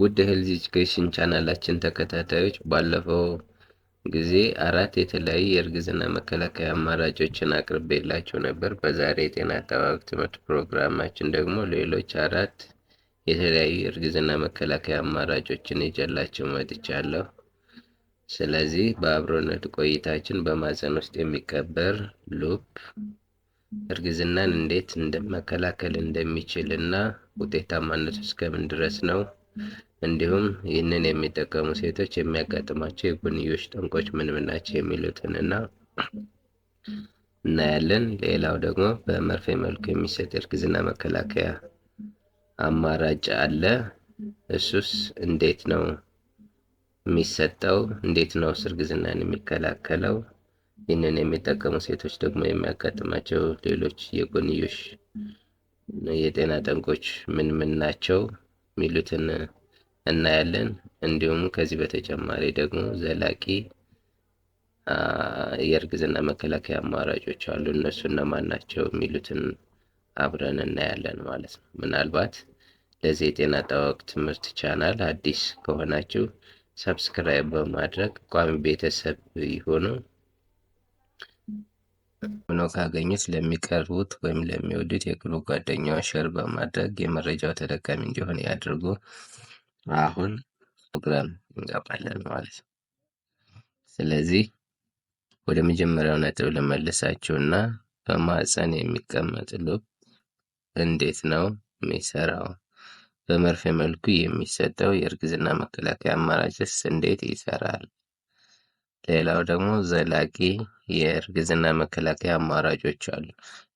ውድ ሄልዝ ኤጁኬሽን ቻናላችን ተከታታዮች ባለፈው ጊዜ አራት የተለያዩ የእርግዝና መከላከያ አማራጮችን አቅርቤላችሁ ነበር። በዛሬ የጤና አጠባበቅ ትምህርት ፕሮግራማችን ደግሞ ሌሎች አራት የተለያዩ የእርግዝና መከላከያ አማራጮችን ይዤላችሁ መጥቻለሁ። ስለዚህ በአብሮነት ቆይታችን በማህፀን ውስጥ የሚቀበር ሉፕ እርግዝናን እንዴት መከላከል እንደሚችል እና ውጤታማነቱ እስከምን ድረስ ነው እንዲሁም ይህንን የሚጠቀሙ ሴቶች የሚያጋጥማቸው የጎንዮሽ ጠንቆች ምን ምን ናቸው የሚሉትን እና እናያለን። ሌላው ደግሞ በመርፌ መልኩ የሚሰጥ የእርግዝና መከላከያ አማራጭ አለ። እሱስ እንዴት ነው የሚሰጠው? እንዴት ነው እርግዝናን የሚከላከለው? ይህንን የሚጠቀሙ ሴቶች ደግሞ የሚያጋጥማቸው ሌሎች የጎንዮሽ የጤና ጠንቆች ምን ምን ናቸው የሚሉትን እናያለን። እንዲሁም ከዚህ በተጨማሪ ደግሞ ዘላቂ የእርግዝና መከላከያ አማራጮች አሉ። እነሱ እነማን ናቸው የሚሉትን አብረን እናያለን ማለት ነው። ምናልባት ለዚህ የጤና ጠዋቅ ትምህርት ቻናል አዲስ ከሆናችሁ ሰብስክራይብ በማድረግ ቋሚ ቤተሰብ ይሆኑ ሆኖ ካገኙት ለሚቀርቡት ወይም ለሚወዱት የቅርብ ጓደኛዋ ሸር በማድረግ የመረጃው ተጠቃሚ እንዲሆን ያድርጉ። አሁን ፕሮግራም እንገባለን ማለት ነው። ስለዚህ ወደ መጀመሪያው ነጥብ ልመልሳችሁና በማህፀን የሚቀመጥ ሎብ እንዴት ነው የሚሰራው? በመርፌ መልኩ የሚሰጠው የእርግዝና መከላከያ አማራጭስ እንዴት ይሰራል? ሌላው ደግሞ ዘላቂ የእርግዝና መከላከያ አማራጮች አሉ።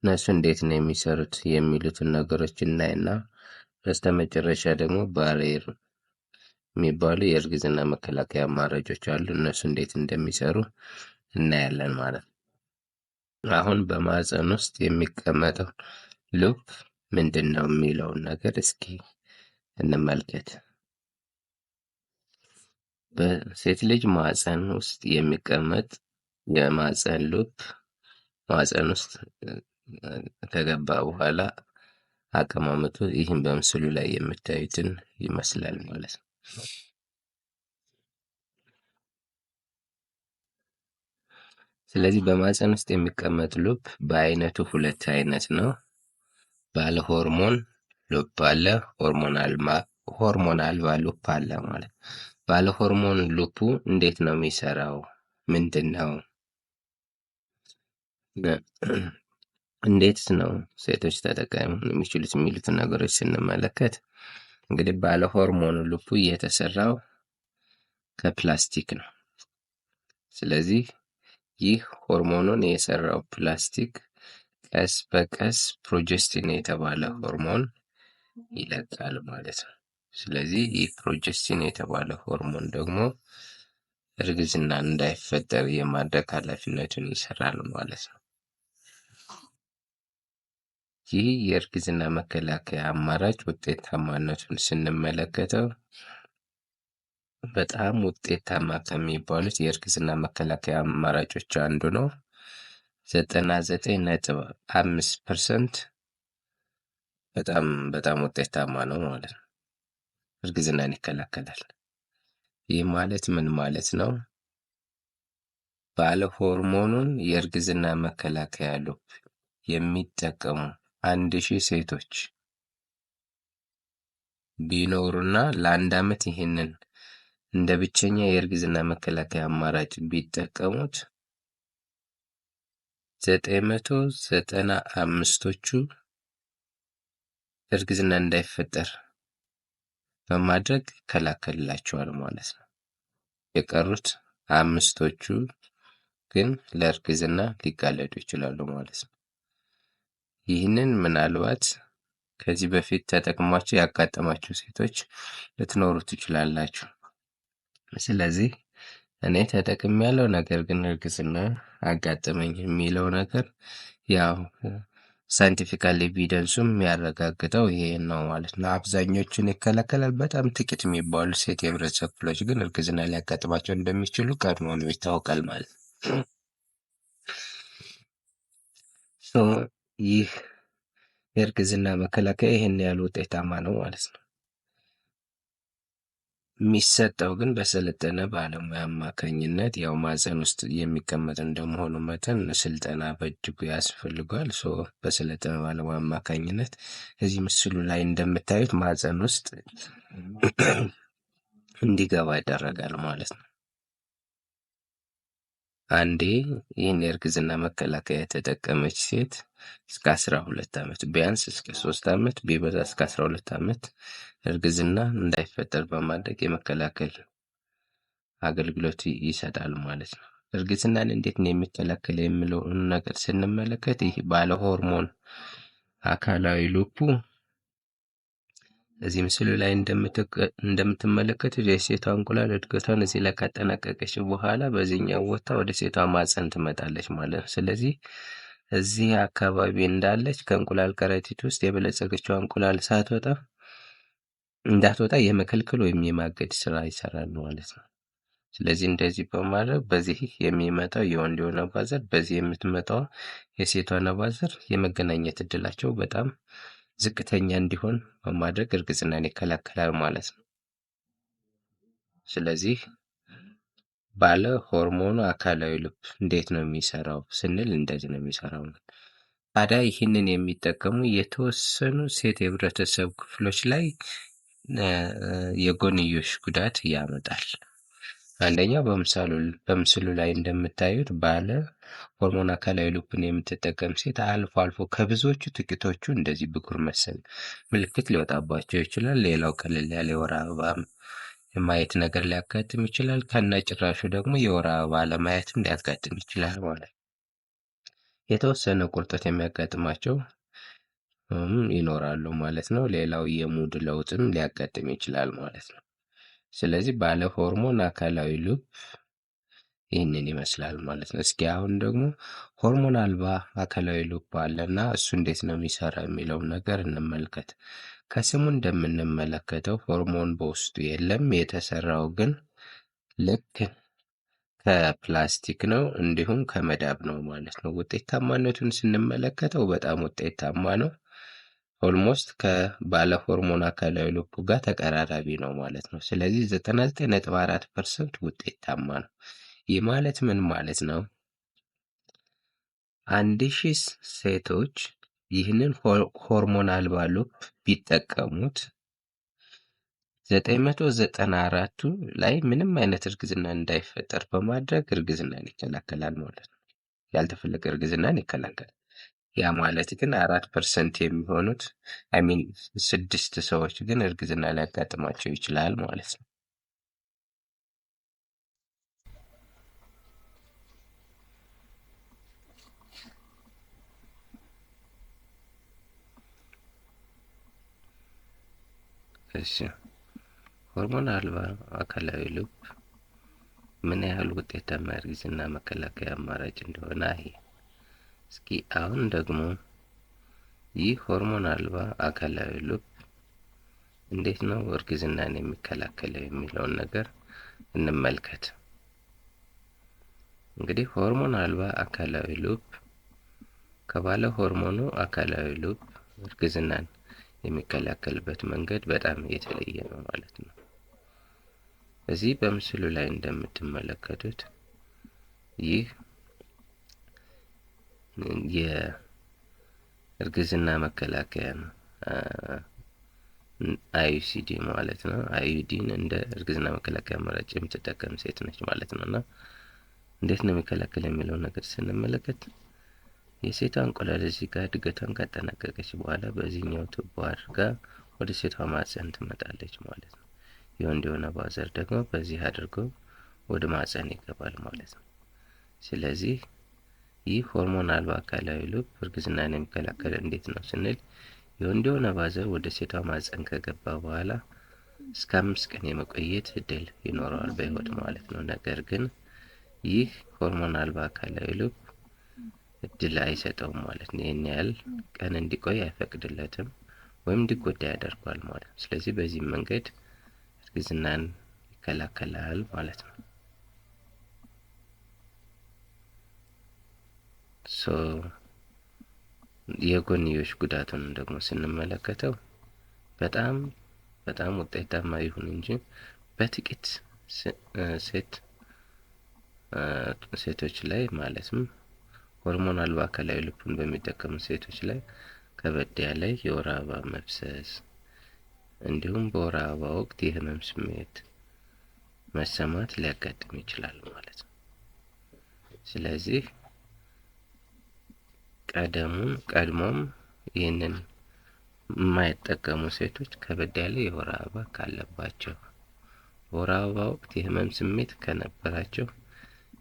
እነሱ እንዴት ነው የሚሰሩት የሚሉትን ነገሮች እናይና በስተመጨረሻ ደግሞ ባሬር የሚባሉ የእርግዝና መከላከያ አማራጮች አሉ። እነሱ እንዴት እንደሚሰሩ እናያለን ማለት ነው። አሁን በማህፀን ውስጥ የሚቀመጠው ሉፕ ምንድን ነው የሚለውን ነገር እስኪ እንመልከት። በሴት ልጅ ማህፀን ውስጥ የሚቀመጥ የማህፀን ሉፕ ማህፀን ውስጥ ከገባ በኋላ አቀማመጡ ይህን በምስሉ ላይ የምታዩትን ይመስላል ማለት ነው። ስለዚህ በማፀን ውስጥ የሚቀመጥ ሎብ በአይነቱ ሁለት አይነት ነው። ባለ ሆርሞን ሎብ አለ፣ ሆርሞን አልባ ሎብ አለ ማለት። ባለ ሆርሞን ሎቡ እንዴት ነው የሚሰራው? ምንድን ነው? እንዴት ነው ሴቶች ተጠቃሚ የሚችሉት የሚሉትን ነገሮች ስንመለከት እንግዲህ ባለ ሆርሞኑ ልቡ የተሰራው ከፕላስቲክ ነው። ስለዚህ ይህ ሆርሞኑን የሰራው ፕላስቲክ ቀስ በቀስ ፕሮጀስቲን የተባለ ሆርሞን ይለቃል ማለት ነው። ስለዚህ ይህ ፕሮጀስቲን የተባለ ሆርሞን ደግሞ እርግዝና እንዳይፈጠር የማድረግ ኃላፊነቱን ይሰራል ማለት ነው። ይህ የእርግዝና መከላከያ አማራጭ ውጤታማነቱን ስንመለከተው በጣም ውጤታማ ከሚባሉት የእርግዝና መከላከያ አማራጮች አንዱ ነው። ዘጠና ዘጠኝ ነጥብ አምስት ፐርሰንት በጣም በጣም ውጤታማ ነው ማለት ነው። እርግዝናን ይከላከላል። ይህ ማለት ምን ማለት ነው? ባለ ሆርሞኑን የእርግዝና መከላከያ ሉፕ የሚጠቀሙ አንድ ሺህ ሴቶች ቢኖሩና ለአንድ ዓመት ይህንን እንደ ብቸኛ የእርግዝና መከላከያ አማራጭ ቢጠቀሙት ዘጠኝ መቶ ዘጠና አምስቶቹ እርግዝና እንዳይፈጠር በማድረግ ይከላከልላቸዋል ማለት ነው። የቀሩት አምስቶቹ ግን ለእርግዝና ሊጋለጡ ይችላሉ ማለት ነው። ይህንን ምናልባት ከዚህ በፊት ተጠቅሟቸው ያጋጠማችሁ ሴቶች ልትኖሩ ትችላላችሁ። ስለዚህ እኔ ተጠቅም ያለው ነገር ግን እርግዝና አጋጠመኝ የሚለው ነገር ያው ሳይንቲፊካል ኤቪደንሱም የሚያረጋግጠው ይሄ ነው ማለት ነው። አብዛኞቹን ይከለከላል። በጣም ጥቂት የሚባሉ ሴት የህብረተሰብ ክፍሎች ግን እርግዝና ሊያጋጥማቸው እንደሚችሉ ቀድሞ ነው ይታወቃል ማለት ነው። ይህ የእርግዝና መከላከያ ይህን ያህል ውጤታማ ነው ማለት ነው። የሚሰጠው ግን በሰለጠነ ባለሙያ አማካኝነት ያው ማፀን ውስጥ የሚቀመጥ እንደመሆኑ መጠን ስልጠና በእጅጉ ያስፈልጓል። በሰለጠነ ባለሙያ አማካኝነት እዚህ ምስሉ ላይ እንደምታዩት ማፀን ውስጥ እንዲገባ ይደረጋል ማለት ነው። አንዴ ይህን የእርግዝና መከላከያ የተጠቀመች ሴት እስከ አስራ ሁለት ዓመት ቢያንስ እስከ ሶስት ዓመት ቢበዛ እስከ አስራ ሁለት ዓመት እርግዝና እንዳይፈጠር በማድረግ የመከላከል አገልግሎት ይሰጣል ማለት ነው። እርግዝናን እንዴት ነው የሚከላከል የሚለውን ነገር ስንመለከት ይህ ባለ ሆርሞን አካላዊ ልኩ እዚህ ምስሉ ላይ እንደምትመለከቱት የሴቷ እንቁላል እድገቷን እዚህ ላይ ካጠናቀቀች በኋላ በዚህኛው ቦታ ወደ ሴቷ ማፀን ትመጣለች ማለት ነው። ስለዚህ እዚህ አካባቢ እንዳለች ከእንቁላል ከረጢት ውስጥ የበለጸገችው እንቁላል ሳትወጣ እንዳትወጣ የመከልከል ወይም የማገድ ስራ ይሰራል ማለት ነው። ስለዚህ እንደዚህ በማድረግ በዚህ የሚመጣው የወንድ ነባዘር፣ በዚህ የምትመጣው የሴቷ ነባዘር የመገናኘት እድላቸው በጣም ዝቅተኛ እንዲሆን በማድረግ እርግዝናን ይከላከላል ማለት ነው። ስለዚህ ባለ ሆርሞኑ አካላዊ ልብ እንዴት ነው የሚሰራው ስንል እንደዚህ ነው የሚሰራው ነው። ታዲያ ይህንን የሚጠቀሙ የተወሰኑ ሴት የህብረተሰብ ክፍሎች ላይ የጎንዮሽ ጉዳት ያመጣል። አንደኛው በምስሉ ላይ እንደምታዩት ባለ ሆርሞን አካላዊ ሉፕን የምትጠቀም ሴት አልፎ አልፎ ከብዙዎቹ ጥቂቶቹ እንደዚህ ብጉር መሰል ምልክት ሊወጣባቸው ይችላል። ሌላው ቀለል ያለ የወር አበባ የማየት ነገር ሊያጋጥም ይችላል። ከነጭራሹ ደግሞ የወር አበባ ለማየትም ሊያጋጥም ይችላል ማለት የተወሰነ ቁርጠት የሚያጋጥማቸው ይኖራሉ ማለት ነው። ሌላው የሙድ ለውጥም ሊያጋጥም ይችላል ማለት ነው። ስለዚህ ባለ ሆርሞን አካላዊ ሉፕ ይህንን ይመስላል ማለት ነው። እስኪ አሁን ደግሞ ሆርሞን አልባ አካላዊ ሉፕ አለና እሱ እንዴት ነው የሚሰራ የሚለውን ነገር እንመልከት። ከስሙ እንደምንመለከተው ሆርሞን በውስጡ የለም። የተሰራው ግን ልክ ከፕላስቲክ ነው፣ እንዲሁም ከመዳብ ነው ማለት ነው። ውጤታማነቱን ስንመለከተው በጣም ውጤታማ ነው። ኦልሞስት ከባለ ሆርሞን አካላዊ ልኩ ጋር ተቀራራቢ ነው ማለት ነው። ስለዚህ ዘጠና ነጥብ አራት ፐርሰንት ውጤታማ ነው። ይህ ማለት ምን ማለት ነው? አንድ ሺህ ሴቶች ይህንን ሆርሞናል ባሉፕ ቢጠቀሙት ዘጠኝ መቶ ዘጠና አራቱ ላይ ምንም አይነት እርግዝና እንዳይፈጠር በማድረግ እርግዝናን ይከላከላል ማለት ነው። ያልተፈለገ እርግዝናን ይከላከላል። ያ ማለት ግን አራት ፐርሰንት የሚሆኑት አይሚን ስድስት ሰዎች ግን እርግዝና ሊያጋጥማቸው ይችላል ማለት ነው። እሺ ሆርሞን አልባ አካላዊ ልብ ምን ያህል ውጤታማ እርግዝና መከላከያ አማራጭ እንደሆነ ይሄ እስኪ አሁን ደግሞ ይህ ሆርሞን አልባ አካላዊ ሉፕ እንዴት ነው እርግዝናን የሚከላከለው የሚለውን ነገር እንመልከት። እንግዲህ ሆርሞን አልባ አካላዊ ሉፕ ከባለ ሆርሞኑ አካላዊ ሉፕ እርግዝናን የሚከላከልበት መንገድ በጣም የተለየ ነው ማለት ነው። እዚህ በምስሉ ላይ እንደምትመለከቱት ይህ የእርግዝና መከላከያ ነው። አዩሲዲ ማለት ነው። አዩዲን እንደ እርግዝና መከላከያ መረጭ የምትጠቀም ሴት ነች ማለት ነው። እና እንዴት ነው የሚከላከል የሚለው ነገር ስንመለከት የሴቷ እንቁላል እዚህ ጋር እድገቷን ካጠናቀቀች በኋላ በዚህኛው ቱቦ አድርጋ ወደ ሴቷ ማፀን ትመጣለች ማለት ነው። የወንድ የሆነ ባዘር ደግሞ በዚህ አድርጎ ወደ ማፀን ይገባል ማለት ነው። ስለዚህ ይህ ሆርሞን አልባ አካላዊ ሎብ እርግዝናን የሚከላከል እንዴት ነው ስንል የወንድ የሆነ ባዘር ወደ ሴቷ ማህፀን ከገባ በኋላ እስከ አምስት ቀን የመቆየት እድል ይኖረዋል በህይወት ማለት ነው። ነገር ግን ይህ ሆርሞን አልባ አካላዊ ሎብ እድል አይሰጠውም ማለት ነው። ይህን ያህል ቀን እንዲቆይ አይፈቅድለትም ወይም እንዲጎዳ ያደርጓል ማለት ነው። ስለዚህ በዚህም መንገድ እርግዝናን ይከላከላል ማለት ነው። የጎንዮሽ ጉዳቱን ደግሞ ስንመለከተው በጣም በጣም ውጤታማ ይሁን እንጂ በጥቂት ሴት ሴቶች ላይ ማለትም ሆርሞን አልባ ከላይ ልቡን በሚጠቀሙ ሴቶች ላይ ከበድ ያለ የወር አበባ መፍሰስ እንዲሁም በወር አበባ ወቅት የህመም ስሜት መሰማት ሊያጋጥም ይችላል ማለት ነው። ስለዚህ ቀደሙም ቀድሞም ይህንን የማይጠቀሙ ሴቶች ከበድ ያለ የወር አበባ ካለባቸው ወር አበባ ወቅት የህመም ስሜት ከነበራቸው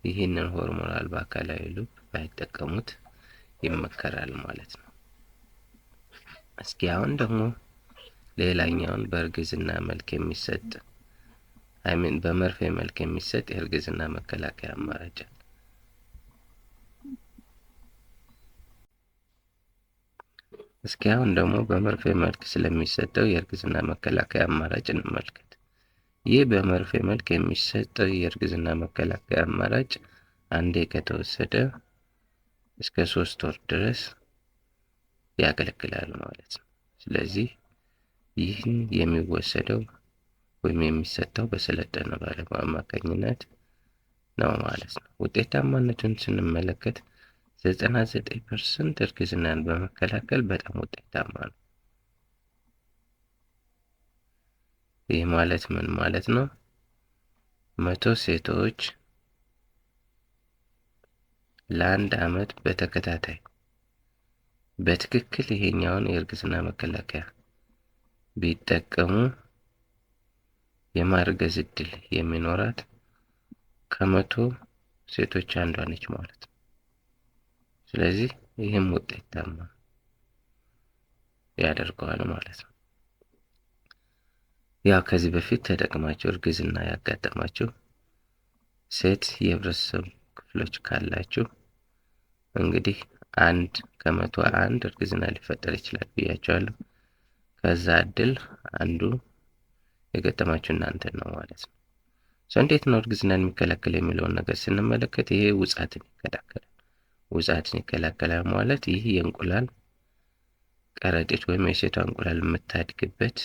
ይህንን ሆርሞን አልባ አካላዊ ሉብ ባይጠቀሙት ይመከራል ማለት ነው። እስኪ አሁን ደግሞ ሌላኛውን በእርግዝና መልክ የሚሰጥ አይሚን በመርፌ መልክ የሚሰጥ የእርግዝና መከላከያ አማራጭ እስኪ አሁን ደግሞ በመርፌ መልክ ስለሚሰጠው የእርግዝና መከላከያ አማራጭ እንመልከት። ይህ በመርፌ መልክ የሚሰጠው የእርግዝና መከላከያ አማራጭ አንዴ ከተወሰደ እስከ ሶስት ወር ድረስ ያገለግላል ማለት ነው። ስለዚህ ይህን የሚወሰደው ወይም የሚሰጠው በሰለጠነ ባለሙያ አማካኝነት ነው ማለት ነው። ውጤታማነቱን ስንመለከት ዘጠና ዘጠኝ ፐርሰንት እርግዝናን በመከላከል በጣም ውጤታማ ነው። ይህ ማለት ምን ማለት ነው? መቶ ሴቶች ለአንድ አመት በተከታታይ በትክክል ይሄኛውን የእርግዝና መከላከያ ቢጠቀሙ የማርገዝ እድል የሚኖራት ከመቶ ሴቶች አንዷ ነች ማለት ነው። ስለዚህ ይህም ውጤታማ ያደርገዋል ማለት ነው። ያው ከዚህ በፊት ተጠቅማችሁ እርግዝና ያጋጠማችሁ ሴት የህብረተሰብ ክፍሎች ካላችሁ እንግዲህ አንድ ከመቶ አንድ እርግዝና ሊፈጠር ይችላል ብያቸዋለሁ። ከዛ እድል አንዱ የገጠማችሁ እናንተ ነው ማለት ነው። ሰው እንዴት ነው እርግዝናን የሚከላከል የሚለውን ነገር ስንመለከት ይሄ ውጻትን ይከላከላል። ውጻትን ይከላከላል ማለት ይህ የእንቁላል ከረጢት ወይም የሴቷ እንቁላል የምታድግበት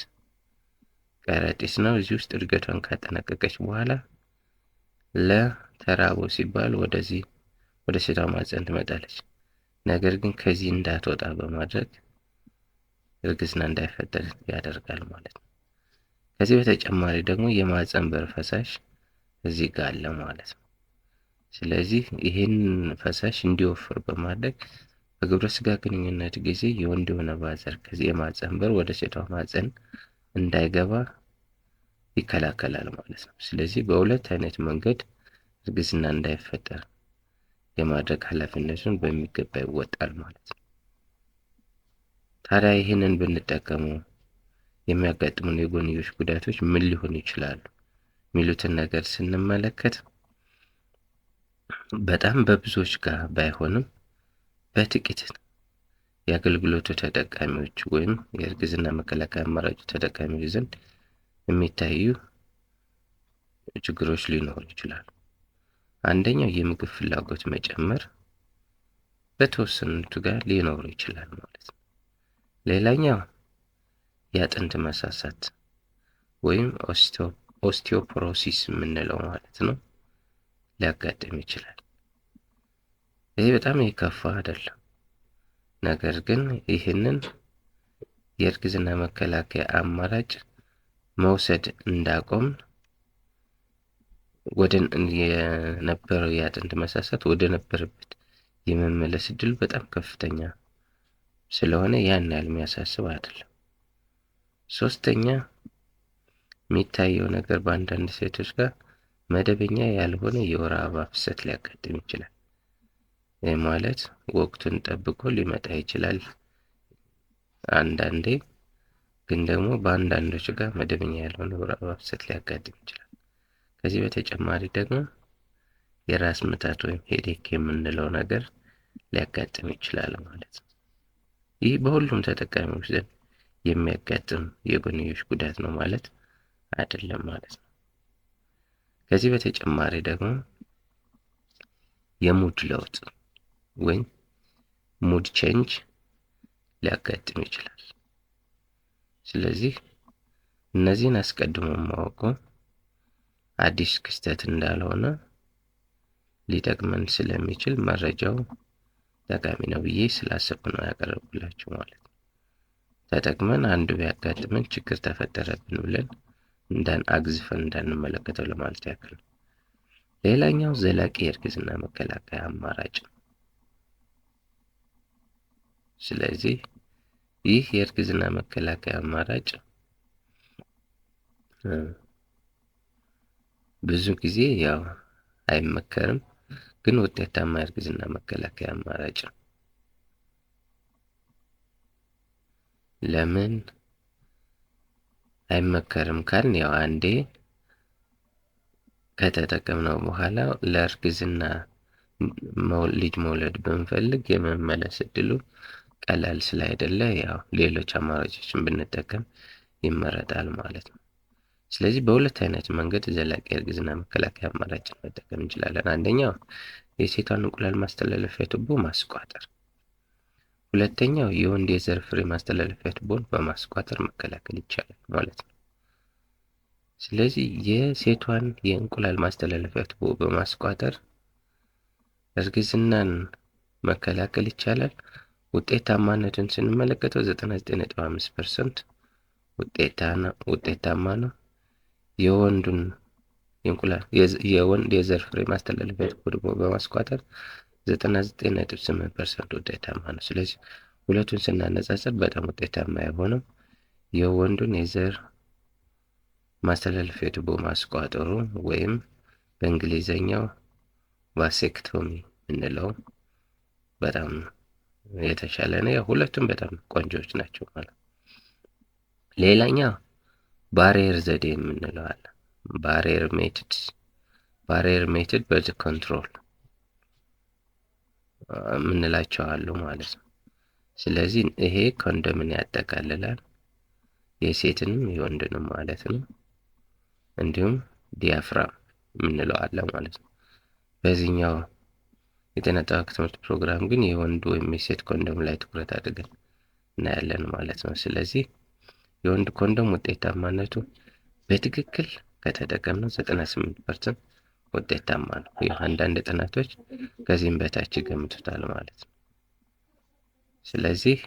ከረጢት ነው። እዚህ ውስጥ እድገቷን ካጠናቀቀች በኋላ ለተራቦ ሲባል ወደዚህ ወደ ሴቷ ማፀን ትመጣለች። ነገር ግን ከዚህ እንዳትወጣ በማድረግ እርግዝና እንዳይፈጠር ያደርጋል ማለት ነው። ከዚህ በተጨማሪ ደግሞ የማፀን በር ፈሳሽ እዚህ ጋር አለ ማለት ነው። ስለዚህ ይህን ፈሳሽ እንዲወፍር በማድረግ በግብረ ስጋ ግንኙነት ጊዜ የወንድ የሆነ ባዘር ከዚህ የማፀን በር ወደ ሴቷ ማፀን እንዳይገባ ይከላከላል ማለት ነው። ስለዚህ በሁለት አይነት መንገድ እርግዝና እንዳይፈጠር የማድረግ ኃላፊነቱን በሚገባ ይወጣል ማለት ነው። ታዲያ ይህንን ብንጠቀመው የሚያጋጥሙን የጎንዮሽ ጉዳቶች ምን ሊሆኑ ይችላሉ የሚሉትን ነገር ስንመለከት በጣም በብዙዎች ጋር ባይሆንም በጥቂት የአገልግሎቱ ተጠቃሚዎች ወይም የእርግዝና መከላከያ አማራጭ ተጠቃሚዎች ዘንድ የሚታዩ ችግሮች ሊኖሩ ይችላሉ። አንደኛው የምግብ ፍላጎት መጨመር በተወሰኑቱ ጋር ሊኖሩ ይችላል ማለት ነው። ሌላኛው የአጥንት መሳሳት ወይም ኦስቲዮፖሮሲስ የምንለው ማለት ነው። ሊያጋጥም ይችላል። ይህ በጣም የከፋ አይደለም። ነገር ግን ይህንን የእርግዝና መከላከያ አማራጭ መውሰድ እንዳቆም ወደ የነበረው የአጥንት መሳሳት ወደ ነበረበት የመመለስ እድሉ በጣም ከፍተኛ ስለሆነ ያን ያህል የሚያሳስብ አይደለም። ሶስተኛ የሚታየው ነገር በአንዳንድ ሴቶች ጋር መደበኛ ያልሆነ የወር አበባ ፍሰት ሊያጋጥም ይችላል። ይህ ማለት ወቅቱን ጠብቆ ሊመጣ ይችላል። አንዳንዴ ግን ደግሞ በአንዳንዶች ጋር መደበኛ ያልሆነ የወር አበባ ፍሰት ሊያጋጥም ይችላል። ከዚህ በተጨማሪ ደግሞ የራስ ምታት ወይም ሄዴክ የምንለው ነገር ሊያጋጥም ይችላል ማለት ነው። ይህ በሁሉም ተጠቃሚዎች ዘንድ የሚያጋጥም የጎንዮሽ ጉዳት ነው ማለት አይደለም ማለት ነው። ከዚህ በተጨማሪ ደግሞ የሙድ ለውጥ ወይም ሙድ ቼንጅ ሊያጋጥም ይችላል። ስለዚህ እነዚህን አስቀድሞ ማወቁ አዲስ ክስተት እንዳልሆነ ሊጠቅመን ስለሚችል መረጃው ጠቃሚ ነው ብዬ ስላሰብኩ ነው ያቀረብኩላችሁ ማለት ነው። ተጠቅመን አንዱ ቢያጋጥመን ችግር ተፈጠረብን ብለን አግዝፈን እንዳንመለከተው ለማለት ያክል ነው። ሌላኛው ዘላቂ የእርግዝና መከላከያ አማራጭ ነው። ስለዚህ ይህ የእርግዝና መከላከያ አማራጭ ብዙ ጊዜ ያው አይመከርም፣ ግን ውጤታማ የእርግዝና መከላከያ አማራጭ ነው። ለምን አይመከርም ካልን ያው አንዴ ከተጠቀምነው በኋላ ለእርግዝና ልጅ መውለድ ብንፈልግ የመመለስ እድሉ ቀላል ስላይደለ ያው ሌሎች አማራጮችን ብንጠቀም ይመረጣል ማለት ነው። ስለዚህ በሁለት አይነት መንገድ ዘላቂ እርግዝና መከላከያ አማራጭን መጠቀም እንችላለን። አንደኛው የሴቷን እንቁላል ማስተላለፊያ ቱቦ ማስቋጠር ሁለተኛው የወንድ የዘር ፍሬ ማስተላለፊያ ቱቦን በማስኳተር መከላከል ይቻላል ማለት ነው። ስለዚህ የሴቷን የእንቁላል ማስተላለፊያ ቱቦ በማስቋጠር እርግዝናን መከላከል ይቻላል። ውጤታማነቱን ስንመለከተው 99.5 ፐርሰንት ውጤታማ ነው። የወንዱን የወንድ የዘር ፍሬ ማስተላለፊያ ቱቦ በማስቋጠር ዘጠና ዘጠኝ ነጥብ ስምንት ፐርሰንት ውጤታማ ነው። ስለዚህ ሁለቱን ስናነጻጽር በጣም ውጤታማ የሆነው የወንዱን የዘር ማስተላለፊያ ቱቦ ማስቋጠሩ ወይም በእንግሊዘኛው ቫሴክቶሚ የምንለው በጣም የተሻለ ነው። ያው ሁለቱም በጣም ቆንጆዎች ናቸው ማለት ሌላኛ ባሪየር ዘዴ የምንለዋል። አለ። ባሪየር ሜትድ ባሪየር ሜትድ በርዝ ኮንትሮል የምንላቸው አሉ ማለት ነው። ስለዚህ ይሄ ኮንዶምን ያጠቃልላል የሴትንም የወንድንም ማለት ነው። እንዲሁም ዲያፍራም የምንለው አለ ማለት ነው። በዚህኛው የተነጠቀ ትምህርት ፕሮግራም ግን የወንድ ወይም የሴት ኮንዶም ላይ ትኩረት አድርገን እናያለን ማለት ነው። ስለዚህ የወንድ ኮንዶም ውጤታማነቱ በትክክል ከተጠቀምነው ዘጠና ስምንት ፐርሰንት ውጤታማ ነው። ይህ አንዳንድ ጥናቶች ከዚህም በታች ይገምቱታል ማለት ነው። ስለዚህ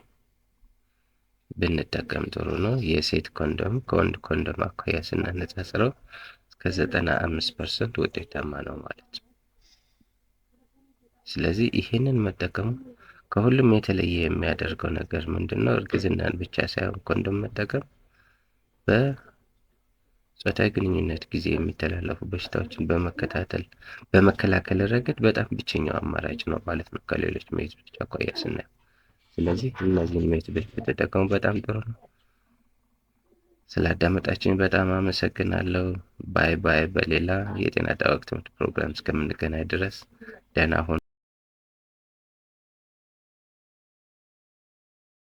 ብንጠቀም ጥሩ ነው። የሴት ኮንዶም ከወንድ ኮንዶም አኳያ ስናነጻጽረው እስከ ዘጠና አምስት ፐርሰንት ውጤታማ ነው ማለት ነው። ስለዚህ ይህንን መጠቀሙ ከሁሉም የተለየ የሚያደርገው ነገር ምንድን ነው? እርግዝናን ብቻ ሳይሆን ኮንዶም መጠቀም በ ጾታዊ ግንኙነት ጊዜ የሚተላለፉ በሽታዎችን በመከታተል በመከላከል ረገድ በጣም ብቸኛው አማራጭ ነው ማለት ነው ከሌሎች መድኃኒቶች አኳያ ስናየው። ስለዚህ እነዚህን መድኃኒቶች በተጠቀሙ በጣም ጥሩ ነው። ስላዳመጣችን በጣም አመሰግናለሁ። ባይ ባይ። በሌላ የጤና ጣወቅ ትምህርት ፕሮግራም እስከምንገናኝ ድረስ ደህና ሁኑ።